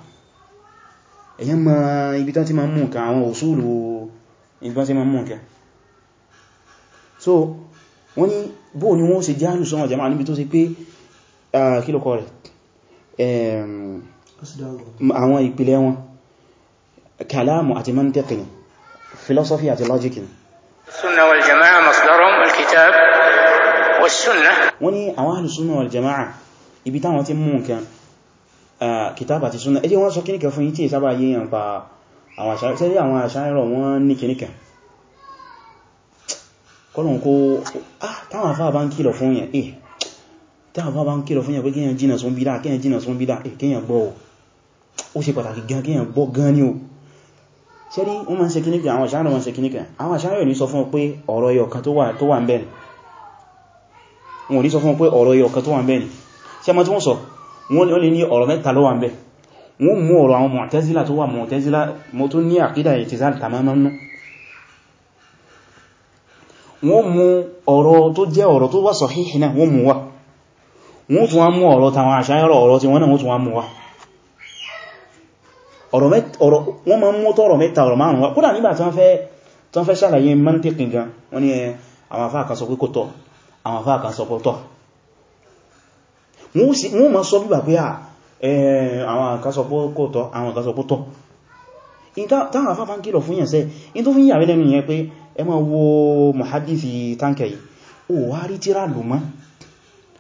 èyàn ma ibi tán ti ma mú nǹkan àwọn òṣùlù ibi tán ti ma mú nǹkan so wọ́n ni bóò ni wọ́n ṣe jẹ́ àlùsọ́wọ̀n jama'a níbi tó ṣe pé ah, kílùkọ rẹ̀ àwọn ìpìlẹ̀ wọn kàlámù àti mọ́ntẹ́kì ni philosophy àti logic ni sunna wal jama'a masdarum alkitab was sunna wọ́n ní àwọn ahlu sunna wal jama'a ibi táwọn ti mú nǹkan kitab àti sunna ẹjẹ́ wọ́n sọ kíníkà fún yí tí ìsábà yí yàn pa àwọn àṣáyẹ̀rọ wọ́n ní kíníkà kọ́lùn kó ah, táwọn àfáà bá ń kìlọ̀ fún yẹn eh tí àwọn bá ń kílọ̀ fún yàn pé kíyàn jìnà sún bídá kíyàn jìnà sún bídá è eh, kíyàn gbọ́ o ó ṣe pàtàkì gan kíyàn gbọ́ gan ni o ṣe rí wọ́n ma ń ṣe kíníkà àwọn àṣáyàn ma ń ṣe kíníkà àwọn àṣáyàn ní sọ fún pé ọ̀rọ̀ ẹyọ kan tó wà ń bẹ́ẹ̀ wọ́n ní sọ fún pé ọ̀rọ̀ ẹyọ kan tó wà ń bẹ́ẹ̀ ṣe ma tí wọ́n sọ wọ́n lè ní ọ̀rọ̀ mẹ́ta ló wà ń bẹ́ẹ̀ wọ́n mú ọ̀rọ̀ àwọn Mu'tazila tó wà Mu'tazila mo tó ní àkídà ìtìsáàlì tàmámá nú wọ́n mú ọ̀rọ̀ tó jẹ́ ọ̀rọ̀ tó wà sọ̀híhì wọ́n mú wá wọ́n tún wá mú ọ̀rọ̀ tàwọn àṣáyọ́rọ̀ ọ̀rọ̀ tí wọ́n náà wọ́n tún wá mú wá wọ́n ma mú tọ́rọ̀ mẹ́ta ọ̀rọ̀ márùn-ún wá kódà nígbà tán fẹ́ ṣàlàyé mẹ́ntìkì gan wọ́n ní àwọn afá kan sọ pé kò tọ́ àwọn afá kan sọ pé tọ́ wọ́n ma sọ bíbà pé àwọn kan sọ pé kò tọ́ àwọn kan sọ pé tọ́ táwọn afá fán kìlọ̀ fún yẹn sẹ́ in tó fi yàwé lẹ́nu yẹn pé ẹ ma wo muhadithi tánkẹ̀ yìí ó wá rí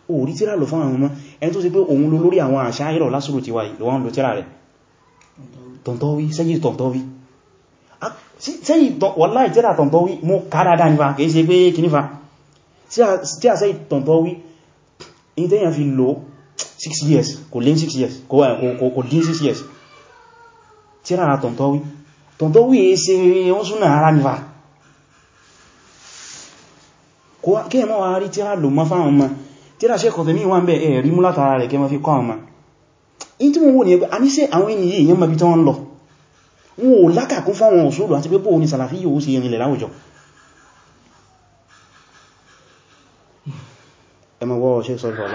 orí tíra lọ fún àwọn ọmọ ẹni tó sì pé òun ló lórí àwọn àṣà ìrọ̀ lásìrò ti wà yìí lọ́wọ́n lọ tíra rẹ̀ tọ̀ntọ́wí sẹ́yìn tọ̀ntọ́wí sẹ́yìn wọ́láì tíra tọ̀ntọ́wí mú kádádá nípa kìí ṣe pé kìnífà tí a sẹ́yìn tọ̀ntọ́wí in tẹ́yàn fi lò 6 years kò lé 6 years kò dín 6 years tíra tọ̀ntọ́wí tọ̀ntọ́wí èé ṣe wọ́n súnà ara nípa kí ẹmọ́ wa rí tíra lò mọ́ fáwọn ọmọ tíra sẹ́kọ̀ tẹ̀mí wà ń bẹ̀ ẹ̀ rí mú látara rẹ̀ kẹma fi kọ́ àmà in tí mo wò ní ẹgbẹ́ aníṣẹ́ àwọn ènìyàn èèyàn mọ̀bí tán ń lọ wọn ò lákàkún fáwọn òṣòrò àti pé bóò ni sàlàfí yóò ṣe ìrìnlẹ̀ láwùjọ ẹmọ wọ́wọ́ ṣe sọ́rọ̀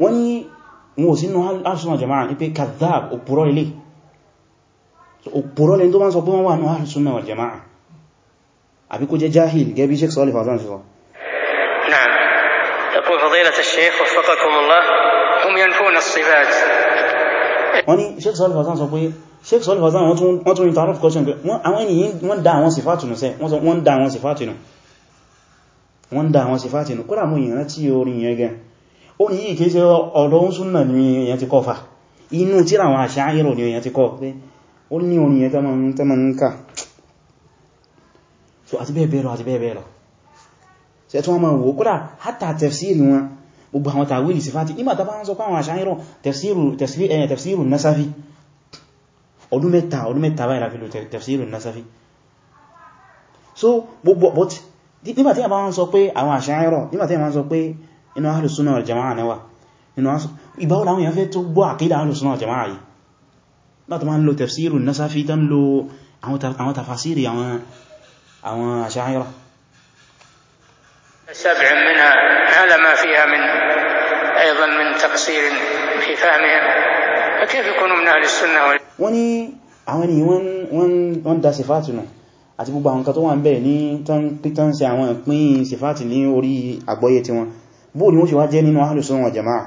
wọ́n ní wọn ò sínú arsuna wal jama'a àbí kó jẹ́ jahil gẹ́bí sheik sọ́lì fàzán ṣe sọ نعم يقول فضيلة الشيخ وفقكم الله هم ينفون الصفات wọ́n ní sheik sọ́lì fàzán sọ pé sheik sọ́lì fàzán wọ́n tún interrupt question pé àwọn ènìyàn wọ́n dá àwọn sífàtù nù sẹ́ wọ́n dá àwọn sífàtù nù wọ́n dá àwọn sífàtù nù kódà mú ìyàn tí orin yẹn gan ó ní yìí kìí ṣe ọ̀dọ̀ ń ní èyàn ti kọ́ fa inú tíra àwọn àṣà ayẹ́rò ní èyàn ti kọ́ pé ó ní orin tẹ́mọ̀ ń kà so àti bẹ́ẹ̀ bẹ́ẹ̀ lọ àti bẹ́ẹ̀ bẹ́ẹ̀ lọ ṣe tí wọ́n mọ̀ wò kódà hátà tafsiri wọn gbogbo àwọn tàwílì sífàtí nígbà tàbá ń sọ pé àwọn àṣáyírọ̀ eh, tafsiru nasafi ọdún mẹ́ta ọdún mẹ́ta báyìí láfi lò tafsiru nasafi so gbogbo but nígbà tí a bá ń sọ pé àwọn àṣáyírọ̀ nígbà tí a bá ń sọ pé inú ahlus sunnah wal jama'a náwà ìbáwọ́ làwọn àwọn tafasiri àwọn àwọn Ash'ariyah سبع منها على فيها من أيضا من تقصير في فهمها فكيف من أهل السنة wọ́n ní àwọn ènìyàn wọ́n dá sífàtì nù àti gbogbo àwọn kan tó wà ń bẹ̀rẹ̀ ní tán sí àwọn ìpín sífàtì ní orí àgbọ́yé tí wọ́n bóò ni wọ́n ṣe wá jẹ́ nínú Ahlus Sunnah wal Jama'ah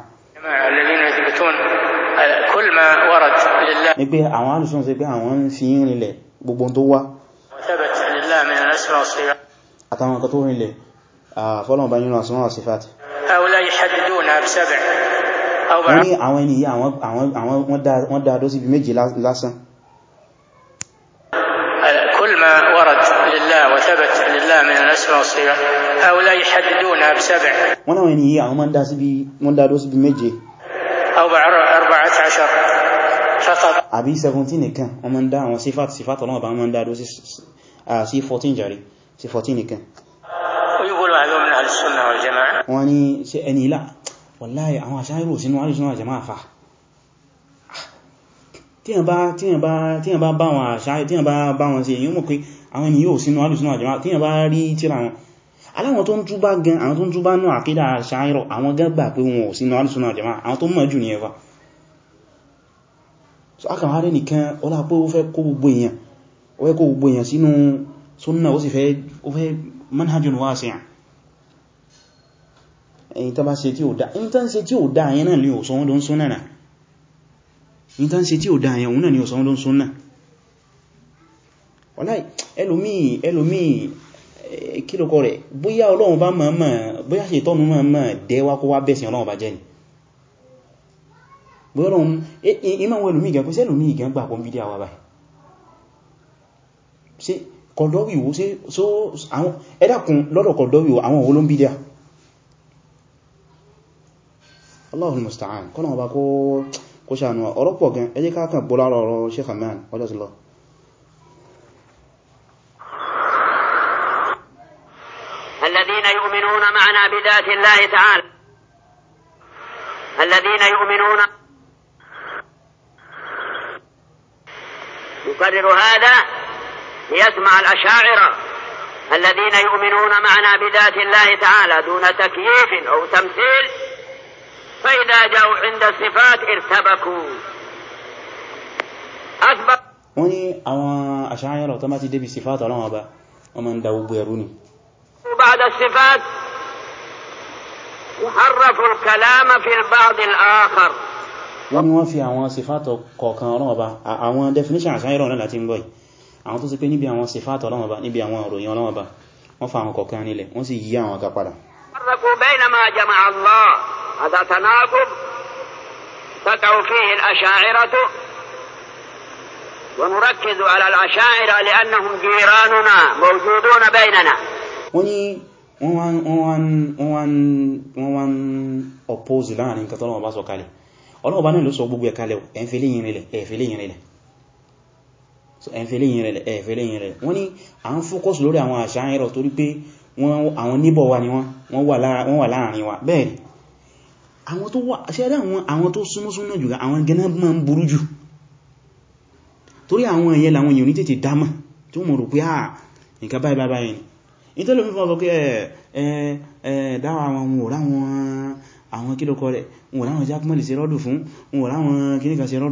ní pé àwọn Ahlus sí pé àwọn ń fi ń rinlẹ̀ gbogbo tó wá àtàwọn nǹkan tó rìnlẹ̀ fọ́lọ̀mọ̀bá nínú àsánwà sífàtì ní àwọn ènìyàn àwọn wọ́n dáadó sí ibi méje lásán يحددونها بسبع wọ́n náà ni àwọn máa ń dá síbi wọ́n dá dó síbi méje àbí 17 nìkan wọ́n máa ń àwọn sífàtì sífàtì ọlọ́ọ̀bá 14 jàre sí 14 nìkan wọ́n ní ṣe ẹni ilá wàláhì àwọn àṣáyìrò sínú àrísínú àjẹmá àfà tíyàn bá bá wọn àṣáyì tíyàn bá bá wọn sí èyàn mọ̀ pé àwọn ènìyàn yóò sínú àrísínú àjẹmá tíyàn bá rí tíra wọn aláwọn tó ń túbá gan àwọn tó ń túbá náà àkídà àṣáyìrò àwọn gan gbà pé wọn ò sínú àrísínú àjẹmá àwọn tó mọ̀ jù ní ẹfà so akàwárí nìkan ọlá pé ó fẹ́ kó gbogbo èèyàn sínú súnnà ó sì fẹ́ manhajun wasi' ẹ̀yìn tán bá ṣe tí ó dá ẹ̀yìn tán ṣe tí ó dá ẹ̀yìn náà ni ò sọ́wọ́n dún súnnà náà ẹ̀yìn tán ṣe tí ó dá ẹ̀yìn náà ni ò sọ́wọ́n dún súnnà wàláì ẹlòmíì ẹlòmíì kílòkọ rẹ̀ bóyá ọlọ́run bá mọ̀ mọ̀ bóyá ṣe tọ́nu mọ̀ mọ̀ dẹ́wà kó wá bẹ̀sìn ọlọ́run bá jẹ́ ni bóyá ọlọ́run kọ̀dọ̀wì wo ṣe so àwọn ẹ́dàkùn lọ́dọ̀ kọ̀dọ̀wì wo àwọn òwò ló ń bí díà Allahul musta'an kọ́nà ọba kó ṣàánú ọ̀rọ̀ pọ̀ gan ẹ jẹ́ ká kàn ọ̀rọ̀ Sheikh Aman الذين يؤمنون معنا بذات الله تعالى الذين يؤمنون يقرر هذا ليسمع الأشاعرة الذين يؤمنون معنا بذات الله تعالى دون تكييف أو تمثيل فإذا جاءوا عند الصفات ارتبكوا أثبت وني أما أشاعر وتماتي دي بصفات ولا ما بقى ومن دوب يروني بعد الصفات يحرف الكلام في البعض الآخر ومن وفي أما صفات وقوكان ولا ما بقى أما definition أشاعر ولا لا تنبوي àwọn tó sì pé níbi àwọn sifat Ọlọ́run Ọba níbi àwọn ìròyìn Ọlọ́run Ọba wọ́n fa àwọn kọ̀ọ̀kan nílẹ̀ wọ́n sì yí àwọn kan padà فرقوا بين ما جمع الله náà ló sọ gbogbo ẹ̀kalẹ̀ ẹ̀fẹ́lẹ́yìn rẹ̀ ẹ̀fẹ́lẹ́yìn rẹ̀ ẹ̀fẹ́lẹ́yìn rẹ̀ wọ́n ní à ń fókọ́s lórí àwọn àṣáyẹ̀rọ̀ torí pé àwọn níbọ̀ wa ni wọ́n wà láàrin wa bẹ́ẹ̀ ni àwọn tó wà ṣẹ́dá àwọn tó súnmọ́súnmọ́ jù àwọn gẹ́nà máa ń burú jù torí àwọn ẹ̀yẹ làwọn èèyàn ní tètè dámà tí ó mọ̀ rò pé à nǹkan báyìí báyìí ni ìtẹ́lẹ̀ mi fún ọ̀sọ̀ pé ẹ̀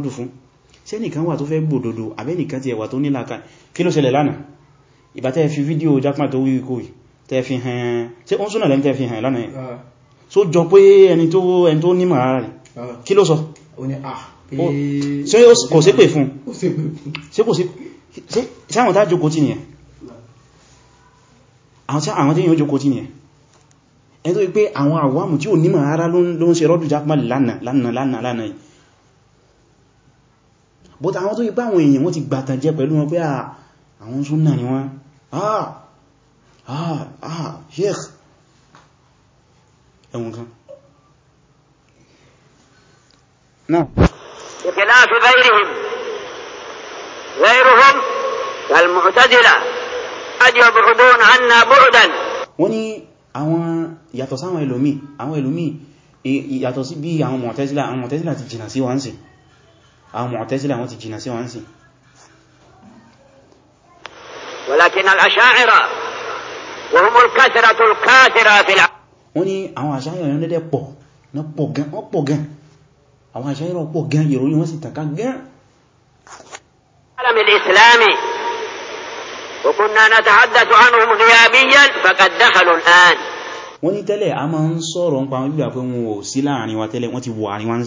dáwà ṣé ẹnìkan wà tó fẹ́ gbòdodo àbẹ́nìkan ti ẹ̀wà tó nílaka kí ló ṣẹlẹ̀ lánàá ìbá tẹ́ fi fídíò jápá tó wí kò tẹ́ fi hàn ṣe ó ń súnà lẹ́n so ah. jọ pé ẹni tó ẹni tó nímọ̀ ara rẹ̀ kí ló sọ ah, kò sí pè fún ṣe àwọn tá jókòó tí nìyẹn ah. àwọn tí yíò jókòó tí nìyẹn ẹni tó wípé àwọn àwọ́mù tí ò nímọ̀ ara ló ń ṣe rọ́dù jápá lánàá lánàá lánàá yìí but àwọn tó ipá àwọn èèyàn wọ́n ti gbàtàn jẹ pẹ̀lú wọn pé ah, àwọn súnnà ni wọ́n ah ah ah sheikh ẹ̀wọ̀n kan náà بخلاف غيرهم غيرهم والمعتزلة قد يبعدون عنا بعدا wọ́n ní àwọn yàtọ̀ sáwọn ẹlòmí àwọn ẹlòmí e, yàtọ̀ sí bí àwọn Mu'tazila àwọn Mu'tazila ti jìnà sí wọ́n sí àwọn Mu'tazila wọ́n ti jìnà sí wọ́n sí walakin al-asha'ira wa hum al-kathratu al-kathira fil wọ́n ní àwọn Asha'ira ní dẹ́dẹ́ pọ̀ ní pọ̀ gan àwọn Asha'ira pọ̀ gan ìròyìn wọ́n sì tàkà gan alamil islami wa kunna natahaddathu anhum wọ́n ní tẹ́lẹ̀ a máa ń sọ̀rọ̀ ń pa wọ́n ti wọ àrin wá ń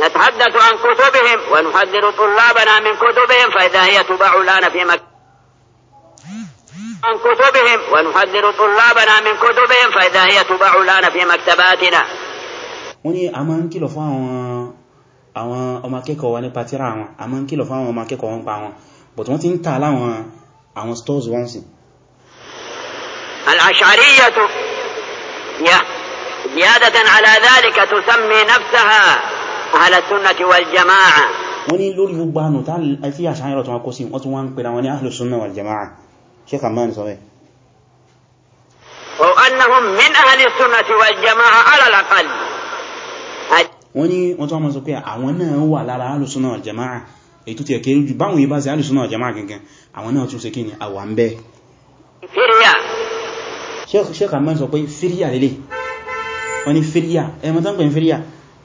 نتحدث عن كتبهم ونحذر طلابنا من كتبهم فإذا هي تباع الآن في مكة عن كتبهم ونحذر طلابنا من كتبهم فإذا هي تباع الآن في مكتباتنا وني أمان كيلو فاو àwọn ọmọ akẹ́kọ̀ọ́ wa nípa tíra wọn a máa kìlọ̀ fún àwọn ọmọ akẹ́kọ̀ọ́ wọn pa wọn but wọ́n ti ń tà láwọn àwọn stores wọ́n sì زيادة على ذلك تسمي نفسها أهل السنة والجماعة wọ́n ní lórí gbogbo ànù tí àṣáyẹ̀rọ̀ tó wọ́n kó sí wọ́n tún wọ́n ń pèrà wọn ní ahlu sunna wal jama'a Sheikh Albani sọ rẹ̀ وأنهم من أهل السنة والجماعة على الأقل wọ́n ní wọ́n tún wọ́n sọ pé àwọn náà wà lára ahlu sunna wal jama'a èyí tó ti ẹ̀kẹ́ rújú báwọn yìí bá sí ahlu sunna wal jama'a gangan àwọn náà tún ṣe kí ni àwà ń bẹ́ Sheikh Albani sọ pé fíríyà lélẹ̀ wọ́n ní fíríyà ẹmọ́tán pẹ̀ fíríyà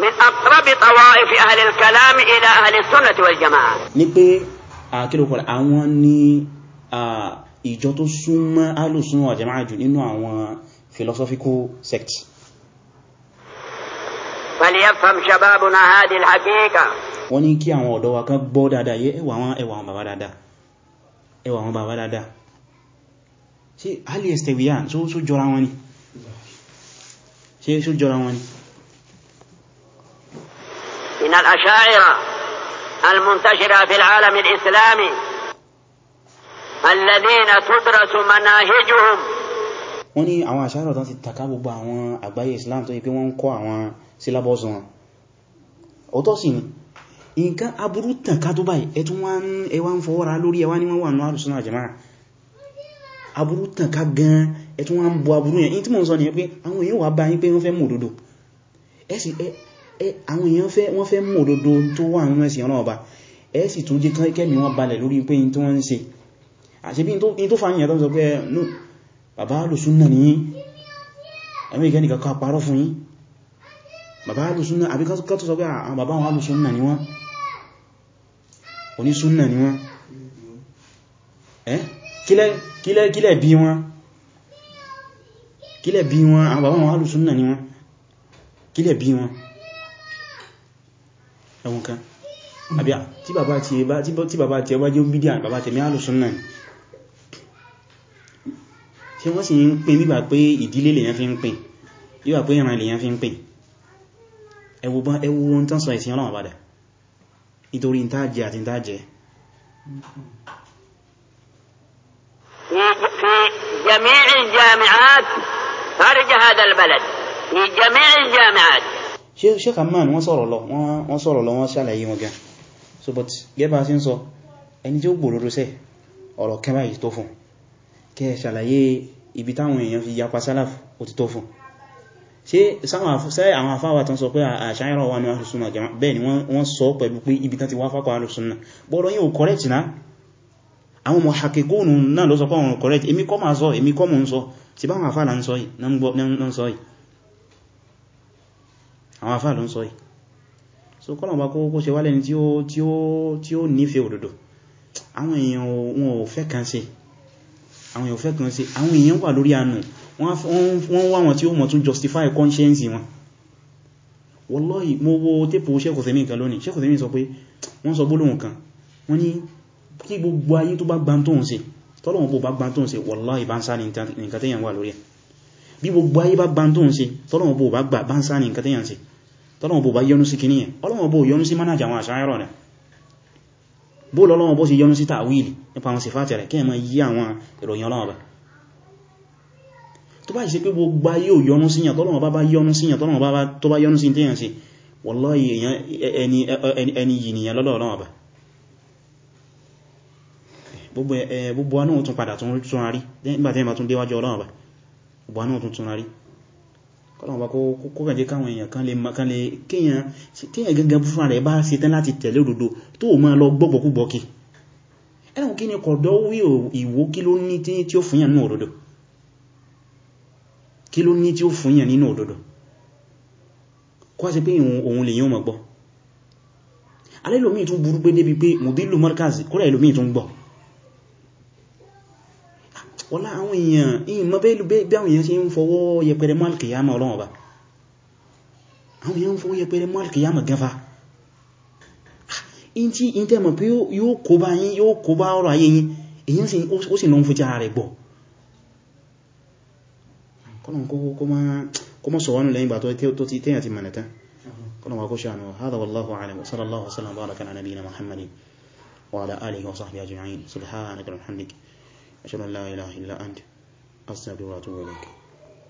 min aqrabi tawaifi ahli al-kalam ila ahli sunnati wal jama'a. ní pé àkílùkọ̀rọ̀ àwọn ní ìjọ tó súnmọ́ alùsùn wal jama'a jù nínú àwọn philosophical sects فليفهم شبابنا هذه الحقيقة wọ́n ní kí àwọn ọ̀dọ́ wa kan gbọ́ dáadáa yé ẹwà wọn ẹwà wọn bàbá dáadáa ẹwà wọn bàbá dáadáa ṣe aliyestewiyan só jọra wọn ni ṣe só jọra wọn ni من الأشاعرة المنتشرة في العالم الإسلامي الذين تدرس مناهجهم wọ́n ní àwọn àṣàrọ̀ tán ti tàkà gbogbo àwọn àgbáyé Islam tó yí pé wọ́n ń kọ́ àwọn sílábọ́sù wọn ọ̀tọ̀ sí ni nǹkan aburú tàn tó báyìí ẹ̀tún ẹwà ń fọwọ́ra lórí ẹwà ní wọ́n wà náà àrùsùn àjẹmáà àwọn èèyàn fẹ́ wọ́n fẹ́ mú òdodo tó wà nínú ẹ̀sìn ọ̀nà ọba ẹ̀ sì tún jẹ́ kẹ́mì wọn balẹ̀ lórí pé in tó wọ́n ń ṣe àti bí in tó fàáyìn ẹ̀tọ́ sọ pé no bàbá alùsúnnà ní ẹ̀mí ìgẹ́ nìkan kan parọ́ fún yín bàbá alùsúnnà àbí kọ́ tó sọ pé ah, àwọn bàbá wọn alùsúnnà ni wọ́n onísúnnà ni wọ́n ẹ́ kílẹ̀ bí wọn kílẹ̀ bí wọn àwọn bí wọn ẹwùn kan àbíà tí bàbá tí ẹ bá jẹ́ bídíà bàbá tẹ̀mí àlùsùn náà tí wọ́n sì ń pín bíbà pé ìdílé lèyàn fi ń pín yíwà pé ìran lèyàn fi ń pín ẹwùbọn ẹwù ohun tán sọ ìsìn ọlọ́wọ̀n padà nítorí ìtajẹ àti ìtajẹ في جميع الجامعات خارج هذا البلد في جميع الجامعات شيخ شيخ أمان وصار الله wọ́n sọ̀rọ̀ lọ wọ́n ṣàlàyé wọn gan so but gẹ́bà sí ń sọ ẹni tí ó gbòròrò sẹ́ ọ̀rọ̀ kẹba yìí tó fún kẹ ṣàlàyé ibi táwọn èèyàn fi yapa sálàfù ó tó fún ṣe àwọn afáwà tán sọ pé àṣáyẹ̀rọ ni wọ́n sọ pẹ̀lú pé ibi tán ti wá fákọ̀ alùsùnà bọ́ọ̀rọ̀ yíò correct náà àwọn ọmọ hakekóònù náà lọ́sọ pé àwọn correct èmi kọ́ máa ń sọ yìí so kọ́lọ̀ bá kó ṣe wálẹ̀ ní tí ó nífẹ̀ẹ́ òdodo àwọn èèyàn wọn ò fẹ́ kan ṣe àwọn èèyàn ò fẹ́ kan ṣe àwọn èèyàn wà lórí àánú wọ́n wá wọn tí ó mọ̀ tún justify conscience wọn wallahi mo wo tépò sẹ́kọ̀sẹ̀mí nǹkan lónìí sẹ́kọ̀sẹ̀mí sọ pé wọ́n sọ gbólóhùn kan wọ́n ní kí gbogbo ayé tó bá gbá tó ń ṣe tọ́lọ̀wọ̀n bó bá gbá tó ń ṣe wallahi bá ń sá ní nǹkan tẹ́yàn wà lórí ẹ̀ bí gbogbo ayé bá gbá tó ń ṣe tọ́lọ̀wọ̀n bó bá gbá ń sá ní nǹkan tẹ́yàn ṣe tọ́lọ́wọ́ bó bá yọnú sí kìníyàn ọlọ́wọ́ bó yọnú sí mánàjà àwọn àṣáyọ́rọ̀ rẹ̀ bó lọ́lọ́wọ́ bó sì yọnú sí tàwílì nípa àwọn sífàtì rẹ̀ kẹ́ẹ̀mọ́ yí àwọn ìròyìn ọlọ́wọ́ bá tó bá ìṣe pé gbogbo yóò yọnú síyàn tọ́lọ́wọ́ bá bá yọnú síyàn tọ́lọ́wọ́ bá tó bá yọnú sí tẹ́yàn sí wallahi ẹni yìí nìyàn lọ́lọ́ ọlọ́wọ́ bá gbogbo eh, anáà tún padà tún rí kọ́lọ̀wọ́ kó kàn jẹ́ káwọn èèyàn kan lè makan lè kíyàn gẹ́gẹ́ fún rẹ̀ bá ṣe tán láti tẹ̀lé òdodo tó o máa lọ gbọ́gbọ́kúgbọ́ kí ẹ̀rùn kí ni kọ̀dọ̀ wí ìwó kí ló ní tí ó fúnyàn nínú òdodo kí ló ní tí ó fúnyàn nínú òdodo kó ṣe pé òun lè yíò mọ̀ gbọ́ alẹ́lòmí tún burú pé débi pé mùdílù mọ́rkàzì kó wọ́lá àwọn èèyàn yìí mọ́ bẹ́ẹ̀lú bí àwọn èèyàn ṣe ń fọwọ́ yẹpẹrẹ mọ́ alkiyama ọlọ́wọ́ bá àwọn èèyàn ń fọwọ́ yẹpẹrẹ mọ́ alkiyama gẹfà in tí in tẹ́mọ̀ pé yóò kó bá yín yóò kó bá ọrọ̀ ayé yín èyàn sì ó sì lọ́n fújá rẹ̀ gbọ́ kọ́nà sọ wánú lẹ́yìn bàtọ́ tó ti tẹ́yà ti mọ̀ nẹ̀tẹ́ kọ́nà wà kó ṣàánú hádà wallahu alam wa أشهد أن لا إله إلا أنت أستغفرك وأتوب إليك